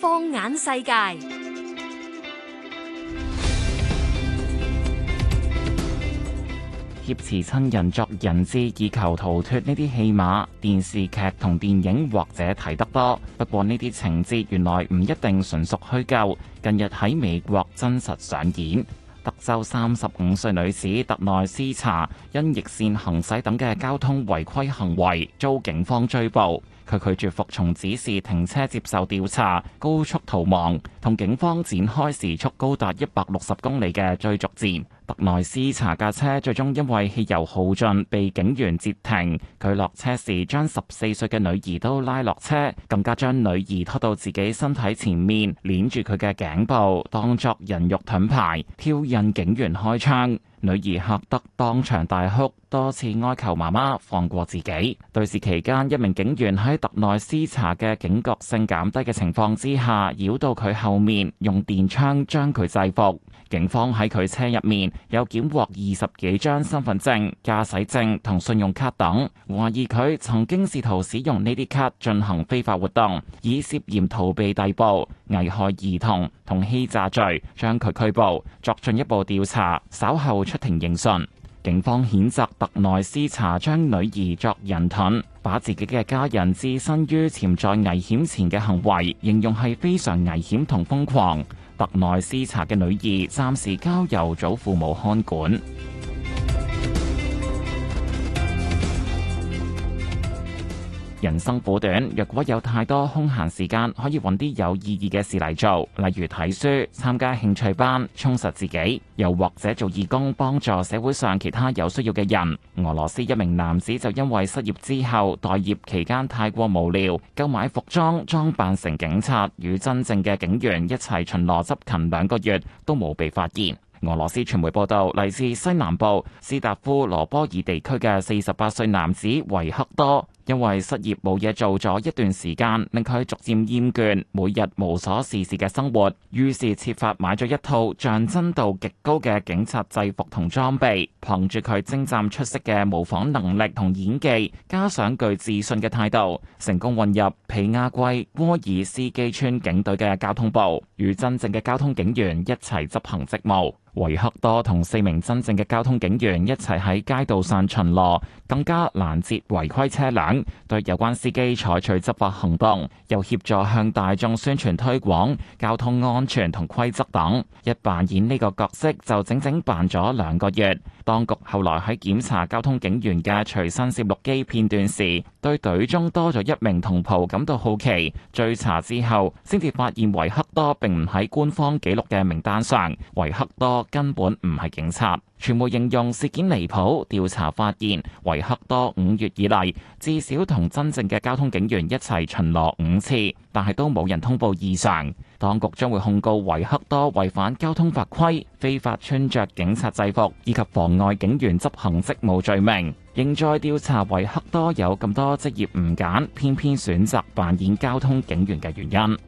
放眼世界，挾持親人作人質以求逃脱呢啲戲碼，電視劇同電影或者睇得多。不過呢啲情節原來唔一定純屬虛構。近日喺美國真實上演。州三十五歲女子特內斯查因逆線行駛等嘅交通違規行為，遭警方追捕。佢拒絕服從指示停車接受調查，高速逃亡，同警方展開時速高達一百六十公里嘅追逐戰。特內斯查架車最終因為汽油耗盡被警員截停。佢落車時將十四歲嘅女兒都拉落車，更加將女兒拖到自己身體前面，鏈住佢嘅頸部當作人肉盾牌，挑釁。警員開槍。女兒嚇得當場大哭，多次哀求媽媽放過自己。對峙期間，一名警員喺特內搜查嘅警覺性減低嘅情況之下，繞到佢後面，用電槍將佢制服。警方喺佢車入面又檢獲二十幾張身份證、駕駛證同信用卡等，懷疑佢曾經試圖使用呢啲卡進行非法活動，以涉嫌逃避逮捕、危害兒童同欺詐罪，將佢拘捕作進一步調查，稍後。出庭認訊，警方譴責特內斯查將女兒作人盾，把自己嘅家人置身於潛在危險前嘅行為，形容係非常危險同瘋狂。特內斯查嘅女兒暫時交由祖父母看管。人生苦短，若果有太多空閒時間可以揾啲有意義嘅事嚟做，例如睇書、參加興趣班，充實自己；又或者做義工，幫助社會上其他有需要嘅人。俄羅斯一名男子就因為失業之後待業期間太過無聊，購買服裝裝扮成警察，與真正嘅警員一齊巡邏執勤兩個月，都冇被發現。俄羅斯傳媒報道，嚟自西南部斯達夫羅波爾地區嘅四十八歲男子維克多。因為失業冇嘢做咗一段時間，令佢逐漸厭倦每日無所事事嘅生活，於是設法買咗一套像真度極高嘅警察制服同裝備，憑住佢精湛出色嘅模仿能力同演技，加上具自信嘅態度，成功混入皮亞季戈爾斯基村警隊嘅交通部，與真正嘅交通警員一齊執行職務。維克多同四名真正嘅交通警員一齊喺街道上巡邏，更加攔截違規車輛，對有關司機採取執法行動，又協助向大眾宣傳推廣交通安全同規則等。一扮演呢個角色就整整扮咗兩個月。當局後來喺檢查交通警員嘅隨身攝錄機片段時，對隊中多咗一名同袍感到好奇，追查之後，先至發現維克多並唔喺官方記錄嘅名單上。維克多。根本唔係警察。傳媒形容事件離譜，調查發現維克多五月以嚟至少同真正嘅交通警員一齊巡邏五次，但係都冇人通報異常。當局將會控告維克多違反交通法規、非法穿着警察制服以及妨礙警員執行職務罪名。仍在調查維克多有咁多職業唔揀，偏偏選擇扮演交通警員嘅原因。